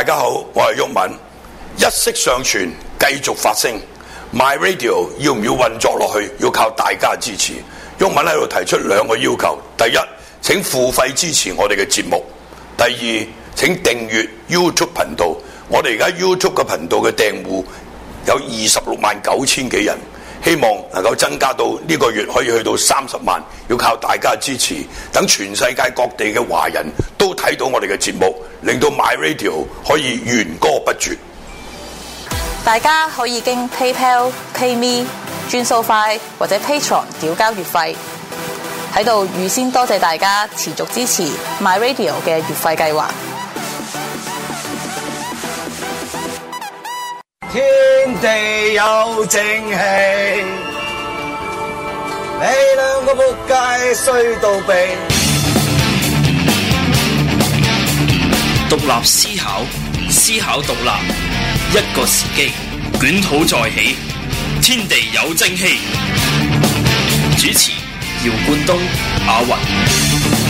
大家好，我係毓民，一息尚存，繼續發聲。My radio 要唔要運作落去？要靠大家支持。毓民喺度提出兩個要求：第一，請付費支持我哋嘅節目；第二，請訂閱 YouTube 頻道。我哋而家 YouTube 嘅頻道嘅訂戶有二十六萬九千幾人。希望能夠增加到呢個月可以去到三十萬，要靠大家支持，等全世界各地嘅華人都睇到我哋嘅節目，令到 My Radio 可以弦歌不絕。大家可以經 PayPal、PayMe 轉數快，或者 Patreon 繳交月費。喺度預先多謝大家持續支持 My Radio 嘅月費計劃。天地有正氣，你兩個仆街衰到病，獨立思考，思考獨立，一個時機，捲土再起。天地有正氣。主持：姚冠東、阿云。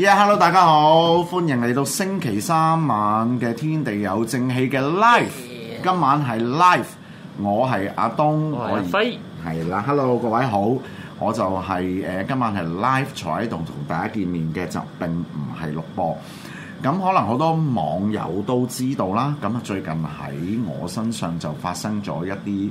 Yeah, hello 大家好，歡迎嚟到星期三晚嘅天地有正氣嘅 live，yeah. 今晚係 live，我係阿東，我係輝，係啦，hello 各位好，我就係、是、誒，今晚係 live 坐喺度同大家見面嘅就並唔係錄播，咁可能好多網友都知道啦，咁啊最近喺我身上就發生咗一啲誒、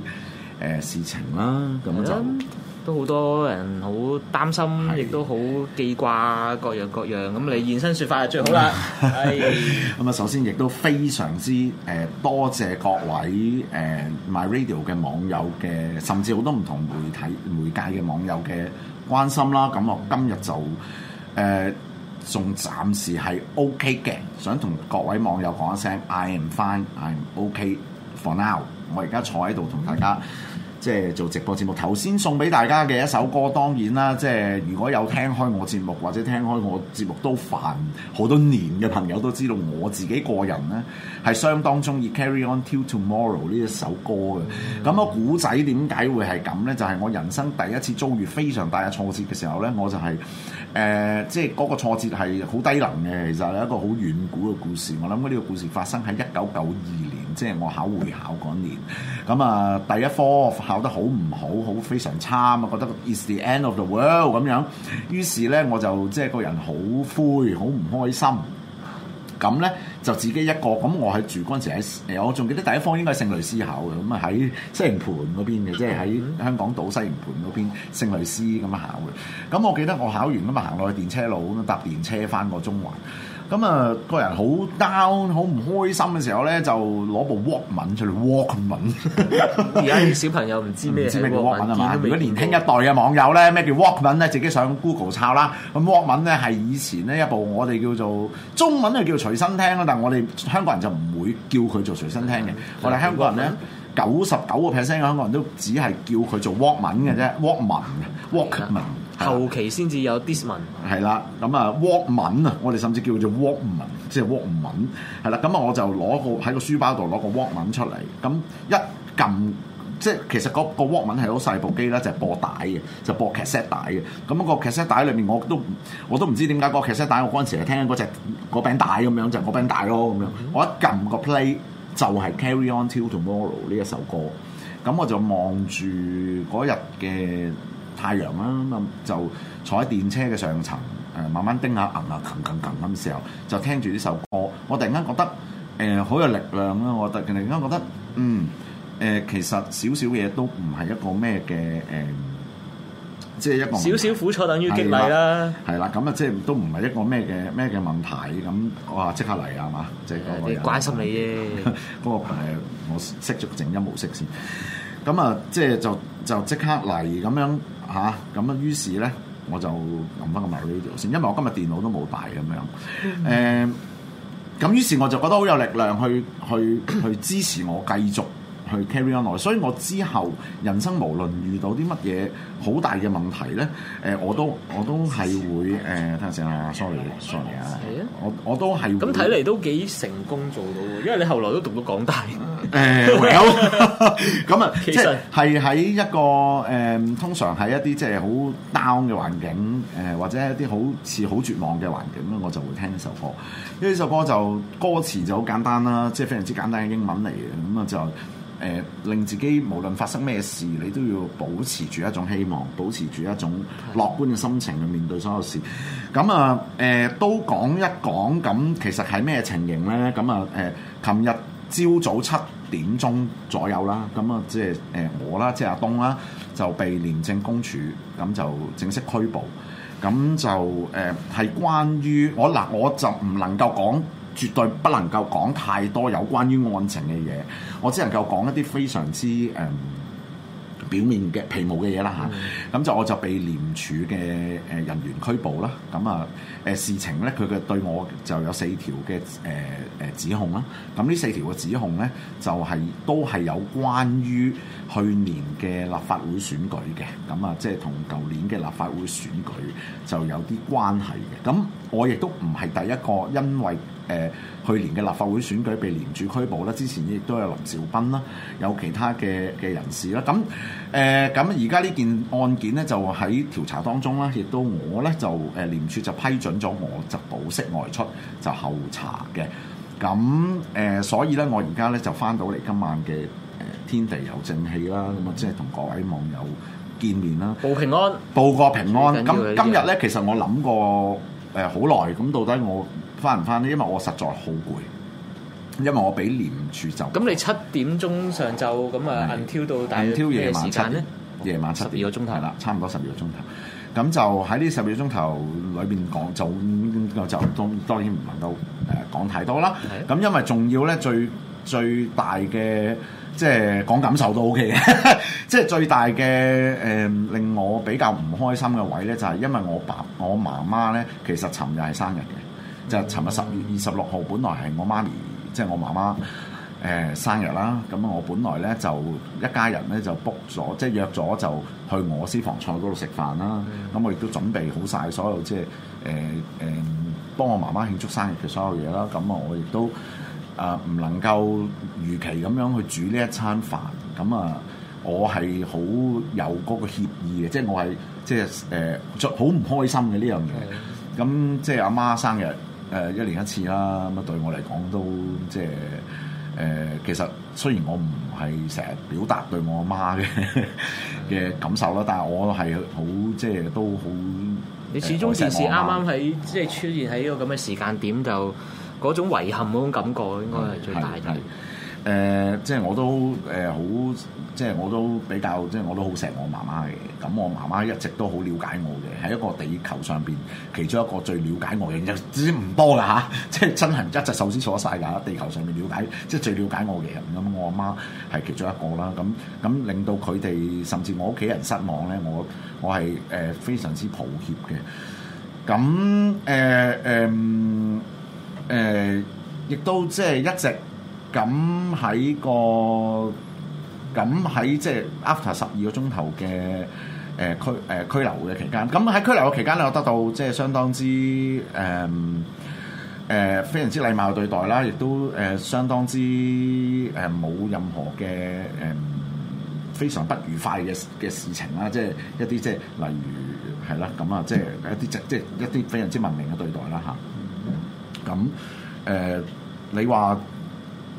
呃、事情啦，咁啊就。Yeah. 都好多人好擔心，亦都好記掛各樣各樣，咁你現身説法就最好啦。咁 啊、哎，首先亦都非常之誒、呃、多謝各位誒、呃、My Radio 嘅網友嘅，甚至好多唔同媒體媒介嘅網友嘅關心啦。咁我今日就誒仲、呃、暫時係 OK 嘅，想同各位網友講一聲，I am fine，I am OK for now。我而家坐喺度同大家。嗯即、就、係、是、做直播節目，頭先送俾大家嘅一首歌，當然啦，即係如果有聽開我節目或者聽開我節目都煩好多年嘅朋友都知道，我自己個人咧係相當中意《Carry On Till Tomorrow》呢一首歌嘅。咁個古仔點解會係咁咧？就係我人生第一次遭遇非常大嘅挫折嘅時候咧，我就係誒即係嗰個挫折係好低能嘅，其實係一個好遠古嘅故事。我諗呢個故事發生喺一九九二年。即、就、係、是、我考會考嗰年，咁啊第一科考得好唔好，好非常差啊嘛，覺得 is the end of the world 咁樣。於是咧我就即係、就是、個人好灰，好唔開心。咁咧就自己一個。咁我係住嗰陣時喺誒，我仲記得第一科應該係聖雷 o 考嘅，咁啊喺西營盤嗰邊嘅，即係喺香港島西營盤嗰邊聖 l o u 咁樣考嘅。咁我記得我考完咁啊，行落去電車路咁啊，搭電車翻個中環。咁、嗯、啊，個人好 down，好唔開心嘅時候咧，就攞部 walk 文出嚟 walk 文。而家小朋友唔知咩叫 walk 文啊嘛？如果年輕一代嘅網友咧，咩叫 walk 文咧？自己上 Google 抄啦。咁 walk 文咧係以前咧一部我哋叫做中文，就叫隨身聽咯。但我哋香港人就唔會叫佢做隨身聽嘅。我哋香港人咧，九十九個 percent 嘅香港人都只係叫佢做 walk 文嘅啫，walk 文，walk 文。嗯 walkman, walkman, 後期先至有 disc n 係啦，咁啊 w a l k 文啊，walkman，我哋甚至叫做 w a l k 文，即係 w a l k 文，係啦，咁啊，我就攞個喺個書包度攞個 w a l k 文出嚟，咁一撳，即係其實嗰個 w a l k 文係好細部機啦、就是，就播帶嘅，就、那、播、個、a set 帶嘅，咁個 a set 帶裏面我都我都唔知點解、那個 a set 帶我嗰陣時係聽嗰隻嗰柄帶咁、就是、樣，就嗰柄帶咯咁我一撳個 play 就係 carry on till tomorrow 呢一首歌，咁我就望住嗰日嘅。太陽啦、啊、咁就坐喺電車嘅上層，誒、呃、慢慢叮下，揞、嗯、下，揞揞揞咁時候，就聽住呢首歌，我突然間覺得誒好、呃、有力量啦、啊！我突然間覺得，嗯誒、呃，其實少少嘢都唔係一個咩嘅誒，即、呃、係、就是、一個少少苦楚，等於激勵啦。係啦，咁啊，即係都唔係一個咩嘅咩嘅問題咁。哇！即刻嚟啊嘛，即係嗰個人你關心你啫、啊。嗰 個群牌 我熄咗靜音模式先。咁啊，即、就、係、是、就。就即刻嚟咁樣吓，咁啊於是咧，我就撳翻咁埋呢度先，因為我今日電腦都冇帶咁樣，誒、 呃，咁於是我就覺得好有力量去去去支持我繼續。去 carry on, on 所以我之後人生無論遇到啲乜嘢好大嘅問題咧、呃，我都我都係會誒、呃，等陣先啊，sorry，sorry 啊，係啊，我我都係咁睇嚟都幾成功做到嘅，因為你後來都讀到廣大誒，咁、呃、啊、well, 其實係喺一個誒、呃，通常係一啲即係好 down 嘅環境，誒、呃、或者一啲好似好絕望嘅環境咧，我就會聽呢首歌。因為呢首歌就歌詞就好簡單啦，即、就、係、是、非常之簡單嘅英文嚟嘅，咁啊就。誒、呃、令自己無論發生咩事，你都要保持住一種希望，保持住一種樂觀嘅心情去面對所有事。咁啊誒、呃、都講一講，咁其實係咩情形咧？咁啊誒，琴日朝早七點鐘左右啦，咁啊即係、呃、我啦，即係阿東啦，就被廉政公署咁就正式拘捕。咁就誒係、呃、關於我嗱、呃，我就唔能夠講。絕對不能夠講太多有關於案情嘅嘢，我只能夠講一啲非常之誒、嗯、表面嘅皮毛嘅嘢啦嚇。咁就我就被廉署嘅誒人員拘捕啦。咁啊誒事情咧，佢嘅對我就有四條嘅誒誒指控啦。咁呢四條嘅指控咧，就係、是、都係有關於去年嘅立法會選舉嘅。咁啊，即係同舊年嘅立法會選舉就有啲關係嘅。咁我亦都唔係第一個因為，誒去年嘅立法會選舉被廉署拘捕啦，之前亦都有林兆斌啦，有其他嘅嘅人士啦。咁誒咁而家呢件案件咧就喺調查當中啦，亦都我咧就誒廉署就批准咗我就保釋外出就候查嘅。咁誒、呃、所以咧我而家咧就翻到嚟今晚嘅誒天地有正氣啦，咁、嗯、啊即係同各位網友見面啦、嗯。報平安，報個平安。咁、這個、今日咧其實我諗過誒好耐，咁、呃、到底我。翻唔翻呢？因為我實在好攰，因為我比廉署就咁。咁你七點鐘上晝咁啊，銀跳到大跳夜嘅時間咧，夜晚，七晚七點、哦、十二個鐘頭啦，差唔多十二個鐘頭。咁就喺呢十二個鐘頭裏邊講，就就當當然唔能夠誒講太多啦。咁因為仲要咧，最最大嘅即係講感受都 OK 嘅。即 係最大嘅誒、呃，令我比較唔開心嘅位咧，就係、是、因為我爸我媽媽咧，其實尋日係生日嘅。就係、是、尋日十月二十六號，本來係我媽咪，即係我媽媽誒、就是呃、生日啦。咁我本來咧就一家人咧就 book 咗，即、就、係、是、約咗就去我私房菜嗰度食飯啦。咁、嗯、我亦都準備好晒所有即係誒誒幫我媽媽慶祝生日嘅所有嘢啦。咁啊，我亦都啊唔能夠如期咁樣去煮呢一餐飯。咁啊，就是、我係好有嗰個歉意嘅，即係我係即係誒好唔開心嘅呢樣嘢。咁即係阿媽生日。誒一年一次啦，咁啊對我嚟講都即係誒，其實雖然我唔係成日表達對我媽嘅嘅感受啦，但係我係好即係都好。你始終件事啱啱喺即係出現喺呢個咁嘅時間點，就嗰種遺憾嗰種感覺應該係最大嘅。誒、呃，即係我都誒好、呃，即係我都比較，即係我都好錫我媽媽嘅。咁我媽媽一直都好了解我嘅，喺一個地球上邊其中一個最了解我嘅人，之唔多㗎吓、啊，即係真係一隻手指數晒㗎。地球上面了解，即係最了解我嘅人咁，我阿媽係其中一個啦。咁咁令到佢哋甚至我屋企人失望咧，我我係誒、呃、非常之抱歉嘅。咁誒誒誒，亦、呃呃呃、都即係一直。咁喺個咁喺即係 after 十二個鐘頭嘅誒拘誒、呃、拘留嘅期間，咁喺拘留嘅期間，我得到即係相當之誒誒、呃呃、非常之禮貌嘅對待啦，亦都誒、呃、相當之誒冇、呃、任何嘅誒、呃、非常不愉快嘅嘅事情啦，即係一啲即係例如係啦，咁啊，即係一啲即係一啲非常之文明嘅對待啦吓，咁誒、呃，你話？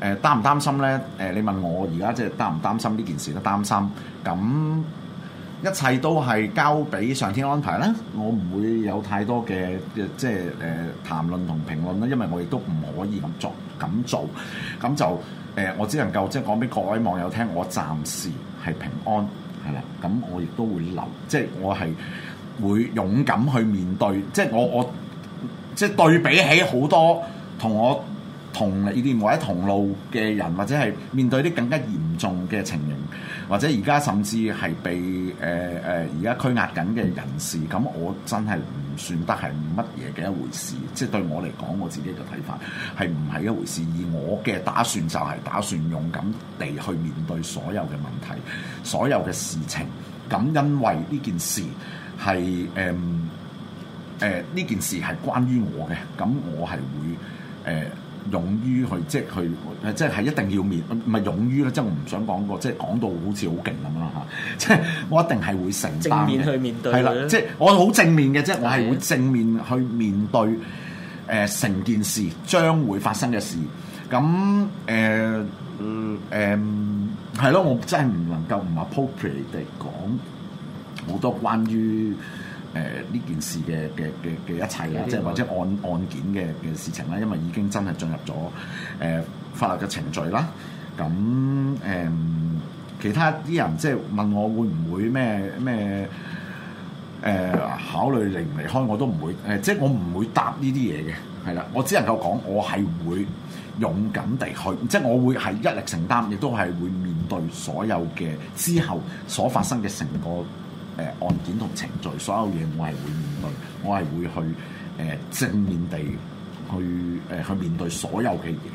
誒、呃、擔唔擔心咧？誒、呃、你問我而家即係擔唔擔心呢件事咧？擔心咁一切都係交俾上天安排啦。我唔會有太多嘅即係誒、呃、談論同評論啦，因為我亦都唔可以咁作咁做。咁就誒、呃、我只能夠即係講俾各位網友聽，我暫時係平安係啦。咁我亦都會留，即係我係會勇敢去面對。即係我我即係對比起好多同我。同你哋或者同路嘅人，或者係面對啲更加嚴重嘅情形，或者而家甚至係被誒誒而家拘押緊嘅人士，咁我真係唔算得係乜嘢嘅一回事。即係對我嚟講，我自己嘅睇法係唔係一回事。而我嘅打算就係打算勇敢地去面對所有嘅問題、所有嘅事情。咁因為呢件事係誒誒呢件事係關於我嘅，咁我係會誒。呃勇於去即係去，即係一定要面唔係勇於啦，即係我唔想講過即係講到好似好勁咁啦嚇，即係我一定係會承擔嘅。正面去面對係啦，即係我好正面嘅，即係我係會正面去面對誒、呃、成件事將會發生嘅事。咁誒嗯誒，係、呃、咯、呃呃，我真係唔能夠唔 appropriate 哋講好多關於。誒、呃、呢件事嘅嘅嘅嘅一切啦，即係或者案案件嘅嘅事情啦，因為已經真係進入咗誒、呃、法律嘅程序啦。咁誒、呃，其他啲人即係問我會唔會咩咩誒考慮離唔離開，我都唔會誒，即係我唔會答呢啲嘢嘅，係啦，我只能夠講我係會勇敢地去，即係我會係一力承擔，亦都係會面對所有嘅之後所發生嘅成個。誒案件同程序，所有嘢我係會面對，我係會去誒、呃、正面地去誒、呃、去面對所有嘅嘢，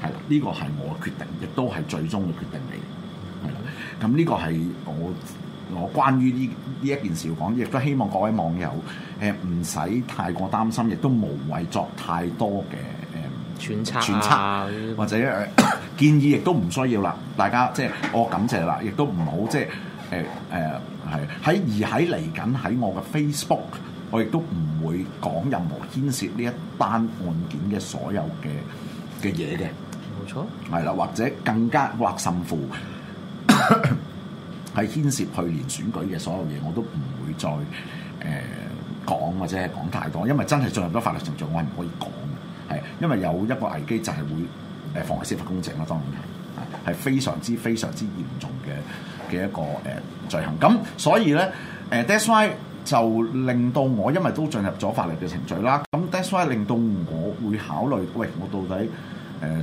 係啦，呢、呢個係我嘅決定，亦都係最終嘅決定嚟嘅，係啦。咁呢個係我我關於呢呢一件事要講，亦都希望各位網友誒唔使太過擔心，亦都無謂作太多嘅誒揣測，揣、呃、測、啊、或者、呃、 建議亦都唔需要啦。大家即係我感謝啦，亦都唔好即係。誒、呃、誒。呃係喺而喺嚟緊喺我嘅 Facebook，我亦都唔會講任何牽涉呢一單案件嘅所有嘅嘅嘢嘅。冇錯。係啦，或者更加或甚乎，係 牽涉去年選舉嘅所有嘢，我都唔會再誒、呃、講或者講太多，因為真係進入咗法律程序，我係唔可以講嘅。係因為有一個危機就係會誒妨礙司法公正啦，當然係係非常之非常之嚴重嘅。嘅一個誒、呃、罪行，咁所以咧誒、呃，that's why 就令到我因為都進入咗法律嘅程序啦，咁 that's why 令到我會考慮，喂，我到底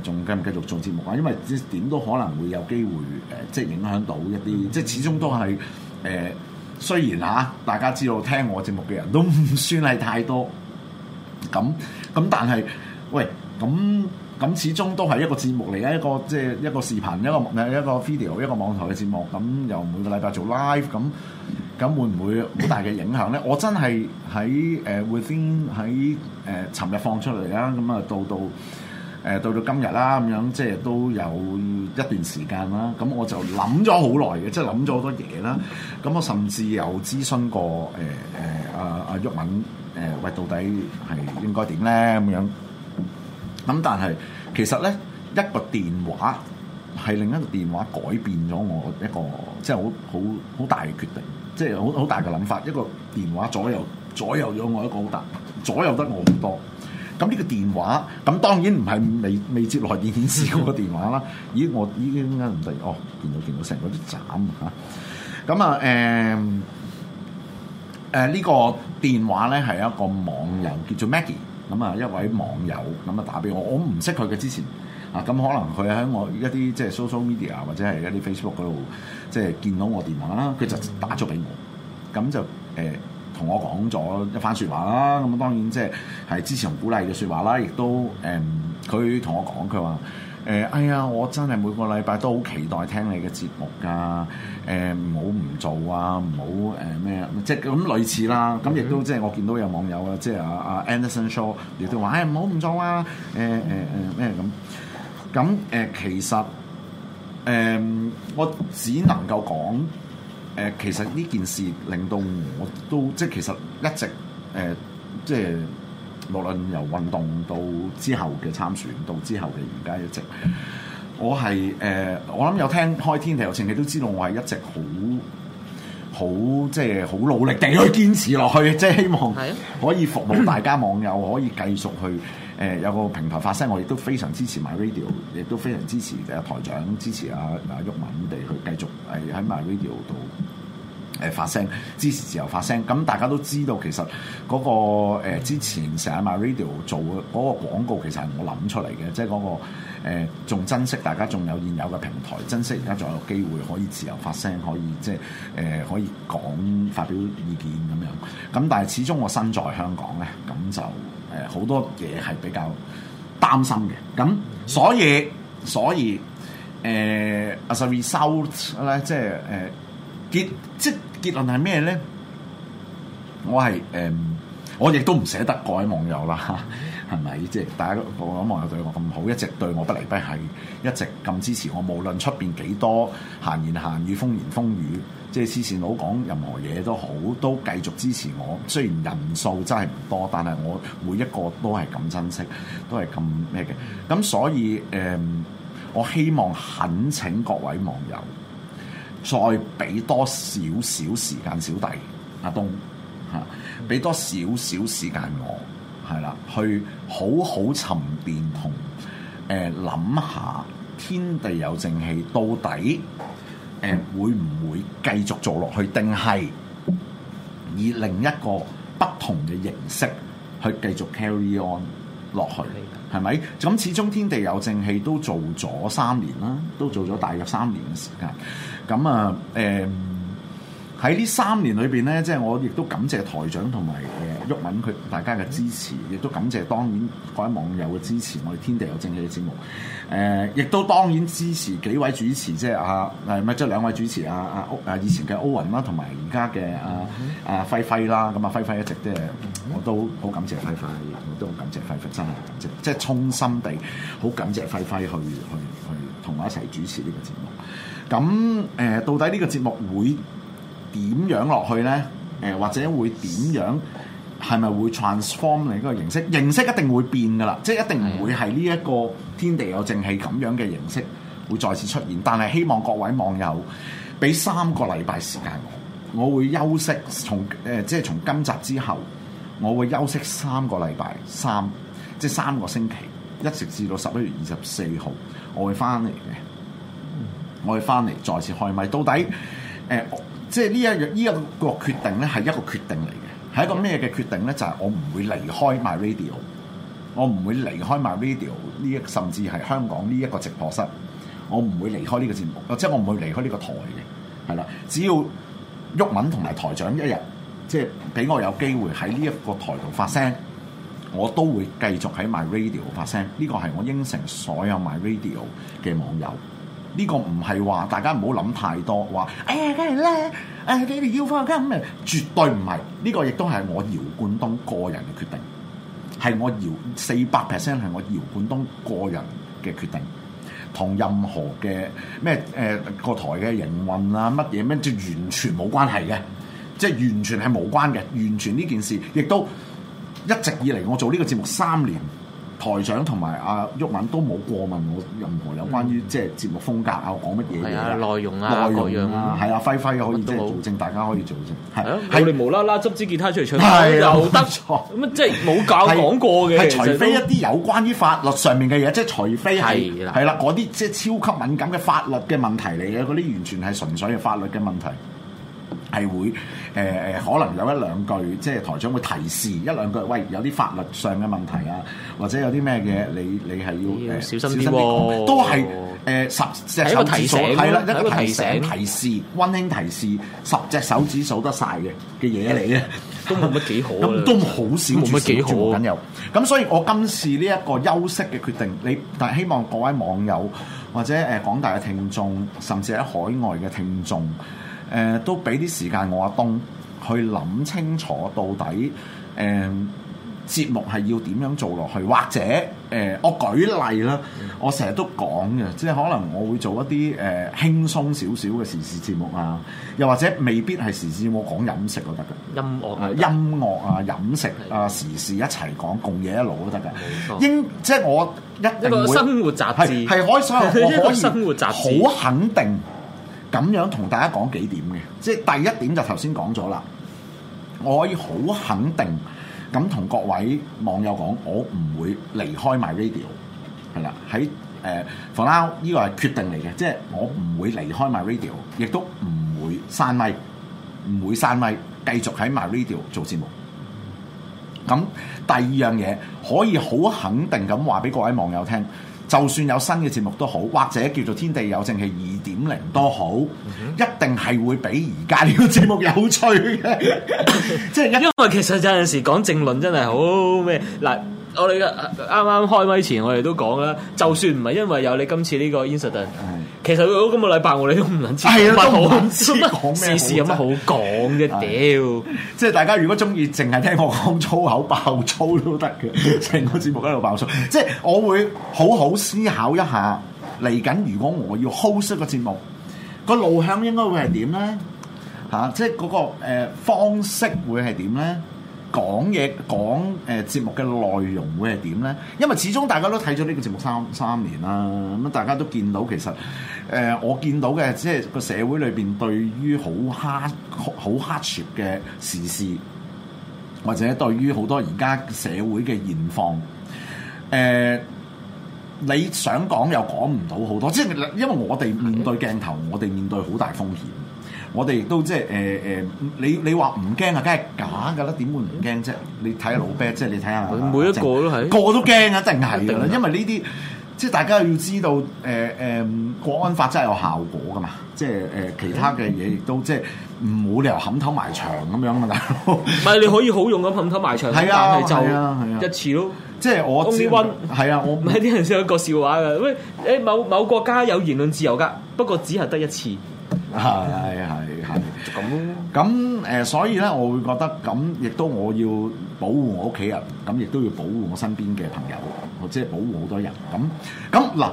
誒仲繼唔繼續做節目啊？因為點都可能會有機會誒、呃，即係影響到一啲，即係始終都係誒、呃。雖然嚇、啊、大家知道聽我節目嘅人都唔算係太多，咁咁，但係喂咁。咁始終都係一個節目嚟嘅，一個即係一,一個視頻，一個一個 video，一,一個網台嘅節目。咁由每個禮拜做 live，咁咁會唔會好大嘅影響咧？我真係喺誒，會先喺誒，尋日、呃、放出嚟啦。咁啊，到到到、呃、到今日啦，咁樣即係都有一段時間啦。咁我就諗咗好耐嘅，即係諗咗好多嘢啦。咁我甚至有諮詢過誒誒阿阿卓誒，喂，到底係應該點咧？咁樣。咁、嗯、但係，其實呢一個電話係另一個電話改變咗我一個即係好好好大嘅決定，即係好好大嘅諗法。一個電話左右左右咗我一個好大，左右得我好多。咁呢個電話，咁當然唔係未未接來電顯示嗰個電話啦。 咦，我依家點解唔得？哦，見到見到成個都斬嚇。咁啊誒誒呢個電話呢係一個網友叫做 Maggie。咁啊，一位網友咁啊打俾我，我唔識佢嘅之前啊，咁可能佢喺我一啲即係 social media 或者係一啲 Facebook 嗰度即係見到我電話啦，佢就打咗俾我，咁就誒同、呃、我講咗一番説話啦，咁啊當然即係係支持同鼓勵嘅説話啦，亦都誒佢同我講佢話。哎呀，我真係每個禮拜都好期待聽你嘅節目㗎、啊，誒、嗯，唔好唔做啊，唔好誒咩即係咁類似啦，咁、okay。亦都即係我見到有網友啊，即係啊啊 Anderson Shaw 亦都話，誒唔好唔做啊，誒誒誒咩咁，咁、呃、誒、嗯、其實誒、嗯、我只能夠講，誒、呃、其實呢件事令到我都即係其實一直誒、呃、即係。無論由運動到之後嘅參選，到之後嘅而家一直，我係、呃、我諗有聽開天地有情，你都知道我係一直好好即係好努力地去堅持落去，即係希望可以服務大家網友，可以繼續去、呃、有個平台發聲。我亦都非常支持 My Radio，亦都非常支持台長，支持阿阿毓民地去繼續誒喺 My Radio 度。誒發聲支持自由發聲，咁大家都知道其實嗰、那個、呃、之前成日 MyRadio 做嗰個廣告，其實係我諗出嚟嘅，即係嗰個仲、呃、珍惜大家仲有現有嘅平台，珍惜而家仲有機會可以自由發聲，可以即係誒可以講發表意見咁樣。咁但係始終我身在香港咧，咁就誒好、呃、多嘢係比較擔心嘅。咁所以所以誒、呃、as a result 咧、呃，即係誒結即。結論係咩呢？我係誒、嗯，我亦都唔捨得各位網友啦，係咪？即係大家，我啲網友對我咁好，一直對我不離不棄，一直咁支持我。無論出邊幾多閒言閒語、風言風語，即係黐線佬講任何嘢都好，都繼續支持我。雖然人數真係唔多，但係我每一個都係咁珍惜，都係咁咩嘅。咁所以誒、嗯，我希望懇請各位網友。再俾多少少時間小弟，阿東嚇，俾多少少時間我，係啦，去好好沉澱同誒諗下，天地有正氣，到底誒會唔會繼續做落去，定係以另一個不同嘅形式去繼續 carry on？落去嚟嘅，係咪？咁始終天地有正氣都做咗三年啦，都做咗大約三年嘅時間。咁啊誒。嗯喺呢三年裏邊咧，即係我亦都感謝台長同埋誒鬱敏佢大家嘅支持，亦都感謝當然各位網友嘅支持我哋天地有正氣嘅節目。誒，亦都當然支持幾位主持，即係啊，誒乜即係兩位主持啊啊，以前嘅奧雲啦，同埋而家嘅啊啊輝輝啦。咁啊，輝輝一直即係我都好感謝輝輝，我都好感謝輝輝，真係感謝即即係衷心地好感謝輝輝去去去同我一齊主持呢個節目。咁誒，到底呢個節目會？點樣落去呢，呃？或者會點樣？係咪會 transform 你嗰個形式？形式一定會變噶啦，即係一定唔會係呢一個天地有正氣咁樣嘅形式會再次出現。但係希望各位網友俾三個禮拜時間我，我會休息從。呃、即從即係從今集之後，我會休息三個禮拜，三即係三個星期，一直至到十一月二十四號，我會翻嚟嘅。我會翻嚟再次開咪。到底、呃即係呢一呢一個決定咧，係一個決定嚟嘅，係一個咩嘅決定咧？就係我唔會離開 my radio，我唔會離開 my radio 呢一甚至係香港呢一個直播室，我唔會離開呢個節目，即係我唔會離開呢個台嘅，係啦。只要毓民同埋台長一日，即係俾我有機會喺呢一個台度發聲，我都會繼續喺 my radio 發聲。呢個係我應承所有 my radio 嘅網友。呢、個唔係話大家唔好諗太多，話哎呀梗係咧，誒你哋要翻我梗唔係，絕對唔係。呢、個亦都係我姚冠東個人嘅決定，係我姚四百 percent 係我姚冠東個人嘅決定，同任何嘅咩誒個台嘅營運啊乜嘢咩，即係完全冇關係嘅，即係完全係冇關嘅，完全呢件事亦都一直以嚟我做呢個節目三年。台長同埋阿毓民都冇過問我任何有關於、嗯、即係節目風格什麼啊，講乜嘢嘅內容啊，內容啦，係阿、啊啊、輝輝可以即係做證，大家可以做證，係我哋無啦啦執支吉他出嚟唱歌，又德才，咁即係冇教講過嘅，係除非一啲有關於法律上面嘅嘢，即係除非係係啦嗰啲即係超級敏感嘅法律嘅問題嚟嘅，嗰啲完全係純粹嘅法律嘅問題。係會誒誒、呃，可能有一兩句，即係台長會提示一兩句，喂，有啲法律上嘅問題啊，或者有啲咩嘅，你你係要，、欸、要小心啲講、嗯，都係誒、哦呃、十隻手提示醒，係啦，一個提醒個提示，温馨提示，十隻手指數得晒嘅嘅嘢嚟嘅，都冇乜幾好，咁 都好少冇乜幾好咁、啊，所以，我今次呢一個休息嘅決定，你但係希望各位網友或者誒廣、呃、大嘅聽眾，甚至喺海外嘅聽眾。誒、呃、都俾啲時間我阿、啊、東去諗清楚到底誒、呃、節目係要點樣做落去，或者誒、呃、我舉例啦，嗯、我成日都講嘅，即係可能我會做一啲誒、呃、輕鬆少少嘅時事節目啊，又或者未必係時事節目，講飲食都得㗎，音樂、音樂啊，飲食啊，時事一齊講，共嘢一路都得㗎、嗯，應、嗯、即係我一，定一個生活雜誌，係可以，所以，可以、這個、生活雜好肯定。咁樣同大家講幾點嘅，即係第一點就頭先講咗啦。我可以好肯定咁同各位網友講，我唔會離開 MyRadio 係啦，喺呃，for now 呢個係決定嚟嘅，即係我唔會離開 MyRadio，亦都唔會散咪，唔會散咪，繼續喺 MyRadio 做節目。咁第二樣嘢可以好肯定咁話俾各位網友聽。就算有新嘅節目都好，或者叫做天地有正氣二點零都好，mm-hmm. 一定係會比而家呢個節目有趣嘅 一。 因為其實有陣時講政論真係好咩嗱。我哋嘅啱啱開咪前，我哋都講啦，就算唔係因為有你今次呢個 Instagram，其實我今個禮拜我哋都唔撚知啊，都道講咩好講，事事有乜好講嘅屌！即係、就是、大家如果中意，淨係聽我講粗口爆粗都得嘅，成個節目喺度爆粗。即、就、係、是、我會好好思考一下，嚟緊如果我要 host 個節目，個路向應該會係點咧？嚇、啊，即係嗰個、呃、方式會係點咧？講嘢講誒、呃、節目嘅內容會係點咧？因為始終大家都睇咗呢個節目三三年啦，咁大家都見到其實誒、呃、我見到嘅即係個社會裏邊對於好哈好 hatch 嘅時事，或者對於好多而家社會嘅現況，誒、呃、你想講又講唔到好多，即係因為我哋面對鏡頭，我哋面對好大風險。我哋亦都即係你你話唔驚啊，梗係假噶啦，點會唔驚啫？你睇下老啤，即、嗯、係你睇下每一個都係個個都驚啊，真係係啦，因為呢啲即大家要知道誒誒、呃，國安法真係有效果噶嘛，即係誒其他嘅嘢亦都即係唔好理由冚頭埋牆咁樣嘛，大佬。唔係你可以好用咁冚頭埋牆，係啊係啊，啊，啊，一次咯。即係我 only one 係啊，我啲人笑一個笑話嘅，喂、欸、某某國家有言論自由噶，不過只係得一次。係係係咁咁誒，所以咧我會覺得咁，亦都我要保護我屋企人，咁亦都要保護我身邊嘅朋友，或者係保護好多人。咁咁嗱，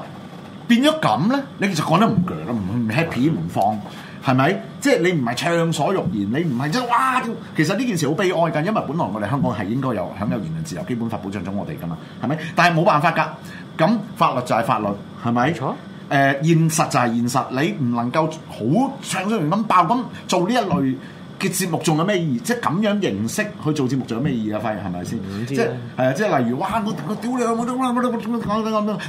變咗咁咧，你其實講得唔強啦，唔 happy 唔放，係咪？即係你唔係暢所欲言，你唔係即係哇！其實呢件事好悲哀噶，因為本來我哋香港係應該有享有言論自由，基本法保障咗我哋噶嘛，係咪？但係冇辦法噶，咁法律就係法律，係咪？錯。誒、呃、現實就係現實，你唔能夠好暢通型咁爆咁做呢一類，嗯節目仲有咩意義？即係咁樣形式去做節目仲有咩意義啊？發現係咪先？即係係啊！即係例如，哇！我屌你啊！我屌我屌我咁樣咁樣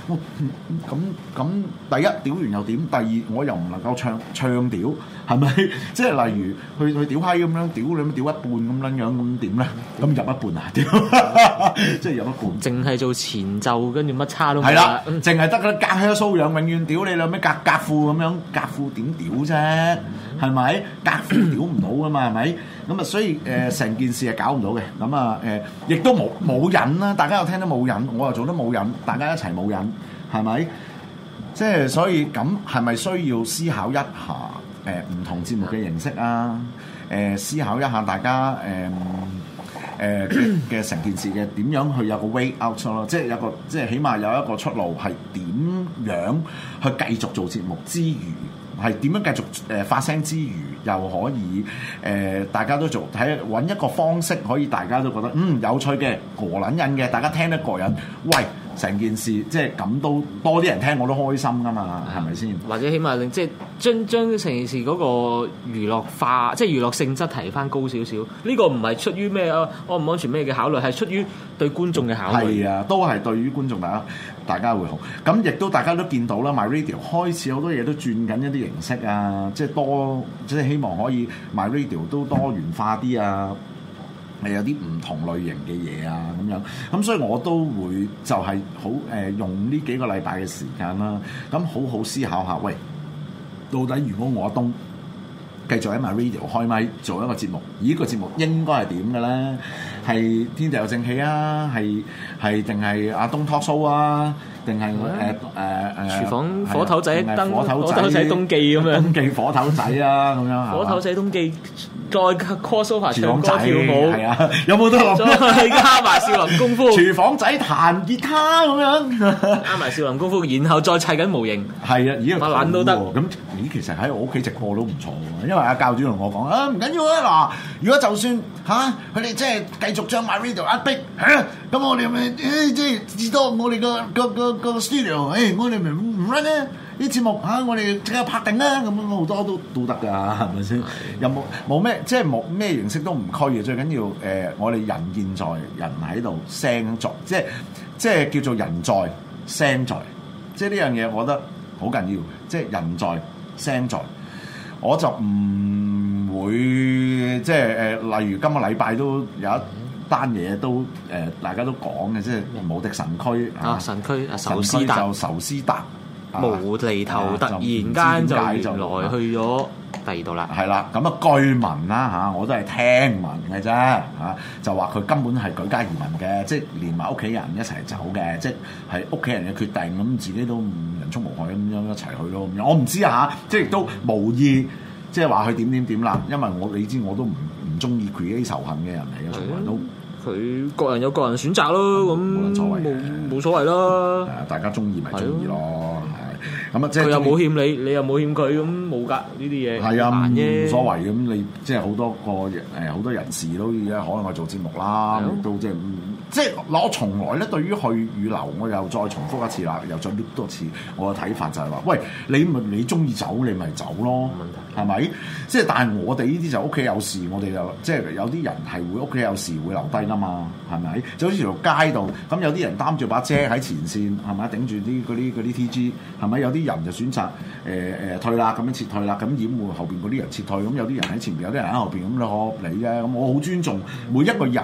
咁咁。第一屌完又點？第二我又唔能夠唱唱屌，係咪？即係例如去去屌閪咁樣屌你咪屌一半咁撚樣咁點咧？咁入一半啊？屌！即 係入一半。淨係做前奏，跟住乜叉都冇。係、uh，啦，淨係得隔靴搔癢，永遠屌你兩咩格格褲咁樣格褲點屌啫？係咪隔離唔到㗎嘛？係咪咁啊？所以誒成、呃、件事係搞唔到嘅。咁啊誒，亦、呃、都冇冇癮啦！大家又聽得冇癮，我又做得冇癮，大家一齊冇癮，係咪？即、就、係、是、所以咁係咪需要思考一下誒唔、呃、同節目嘅形式啊？誒、呃、思考一下大家誒。呃誒嘅成件事嘅點樣去有個 way out 咯，即係有個即係起碼有一個出路係點樣去繼續做節目之餘，係點樣繼續誒發聲之餘，又可以誒、呃、大家都做喺揾一個方式，可以大家都覺得嗯有趣嘅過撚癮嘅，大家聽得過癮，喂。成件事即係咁都多啲人聽我都開心噶嘛，係咪先？或者起碼令即係將成件事嗰個娛樂化，即係娛樂性質提翻高少少。呢個唔係出於咩安唔安全咩嘅考慮，係出於對觀眾嘅考慮。係啊，都係對於觀眾大家大家會好。咁亦都大家都見到啦，MyRadio 開始好多嘢都轉緊一啲形式啊，即係多即係希望可以 MyRadio 都多元化啲啊。嗯有啲唔同類型嘅嘢啊，咁樣咁所以我都會就係好、呃、用呢幾個禮拜嘅時間啦，咁好好思考一下，喂，到底如果我東繼續喺 My Radio 開咪做一個節目，呢、呢個節目應該係點嘅咧？係天地有正氣啊，係定係阿東 talk show 啊，定係、啊啊啊、廚房火頭仔燈火頭仔記咁火，火頭仔啊咁火頭仔東記。冬再 crossover 唱歌房仔跳舞，係啊，有冇得落？加埋少林功夫，廚房仔彈吉他咁樣，加埋少林功夫，然後再砌緊模型，係啊，依個難都得。咁咦，其實喺我屋企直播都唔錯喎，因為阿教主同我講啊，唔緊要啊，嗱，如果就算吓，佢、啊、哋即係繼續將 MyRadio 一逼嚇，咁、啊、我哋咪即係至多我哋個個個 studio，哎，我哋咪唔 run 呢？啲節目嚇、啊，我哋即刻拍定啦！咁樣好多都都得噶，係咪先？又冇冇咩，即係冇咩形式都唔拘嘅。最緊要誒、呃，我哋人現在人喺度，聲在，即係即係叫做人在聲在。即係呢樣嘢，我覺得好緊要嘅，即係人在聲在。我就唔會即係誒、呃，例如今個禮拜都有一單嘢都誒、呃，大家都講嘅，即係無敵神區啊,啊，神區啊，壽司就壽司達。無厘頭、啊，突然間就就來就就去咗第二度啦。係、啊、啦，咁啊據、啊啊啊那個、聞啦嚇、啊，我都係聽聞嘅啫嚇，就話佢根本係舉家移民嘅，即係連埋屋企人一齊走嘅，即係屋企人嘅決定，咁自己都唔人畜無害咁樣一齊去咯。我唔知嚇、啊，即亦都無意即係話佢點點點啦。因為我你知我都唔唔中意 create 仇恨嘅人嚟嘅，全部都佢個、啊、人有個人選擇咯。咁冇所謂嘅，冇所謂咯、啊。大家中意咪中意咯。啊啊咁、就、啊、是，即係佢又冇欠你，你又冇欠佢，咁冇㗎呢啲嘢，啊、難啫、啊，冇所謂嘅。咁你即係好多個誒好多人士都可能我做節目啦、啊，都即係即係攞從來咧。對於去與留，我又再重複一次啦，又再 lift 多次我嘅睇法就係、是、話，喂，你咪你中意走，你咪走咯。嗯係咪？即係但係我哋呢啲就屋企有事，我哋就即係、就是、有啲人係會屋企有事會留低啦嘛，係咪？就好似條街度，咁有啲人擔住把遮喺前線，係咪？頂住啲嗰啲啲 T.G. 係咪？有啲人就選擇誒誒、呃呃、退啦，咁樣撤退啦，咁掩護後邊嗰啲人撤退。咁有啲人喺前邊，有啲人喺後邊，咁你理我你啫。咁我好尊重每一個人誒，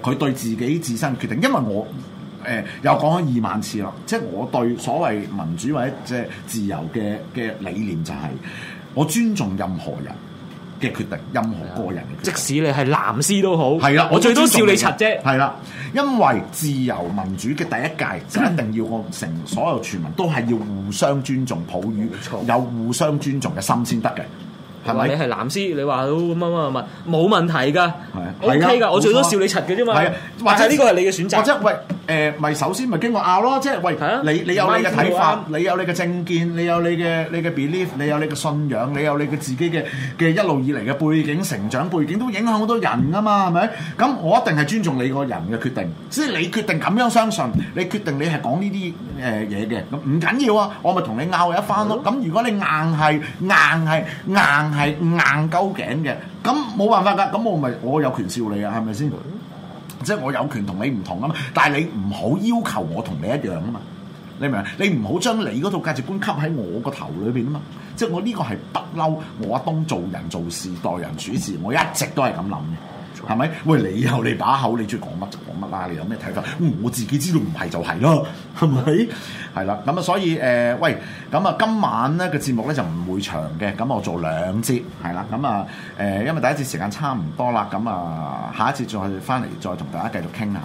佢、呃、對自己自身決定。因為我誒又講咗二萬次啦，即係我對所謂民主或者即係自由嘅嘅理念就係、是。我尊重任何人嘅決定，任何個人嘅決定的，即使你係藍絲都好。係啦，我最多笑你柒啫。係啦，因為自由民主嘅第一屆，就一定要我成所有全民都係要互相尊重、普語有互相尊重嘅心先得嘅。係咪？你係藍絲？你話都乜乜乜冇問題㗎？係啊，我 OK 㗎。我最多笑你柒嘅啫嘛。係啊，或者呢個係你嘅選擇。或者喂誒，咪首先咪經過拗咯。即係喂，你你有你嘅睇法，你有你嘅政見，你有你嘅你嘅 belief，你有你嘅信仰，你有你嘅自己嘅嘅一路以嚟嘅背景成長背景，都影響好多人㗎嘛，係咪？咁我一定係尊重你個人嘅決定。即係你決定咁樣相信，你決定你係講呢啲誒嘢嘅，咁唔緊要啊，我咪同你拗一番咯。咁如果你硬係硬係硬係硬鳩頸嘅，咁冇辦法㗎，咁我咪我有權笑你啊，係咪先？即係我有權同你唔同啊嘛，但係你唔好要求我同你一樣啊嘛，你明？你唔好將你嗰套價值觀吸喺我個頭裏邊啊嘛，即係我呢個係不嬲我阿東做人做事待人處事，我一直都係咁諗嘅。係咪？喂，你有你把口，你中意講乜就講乜啦！你有咩睇法？我自己知道唔係就係咯，係咪？係啦，咁啊，所以誒、呃，喂，咁啊，今晚咧個節目咧就唔會長嘅，咁我做兩節，係啦，咁啊、呃、因為第一節時間差唔多啦，咁啊下一節再翻嚟再同大家繼續傾下。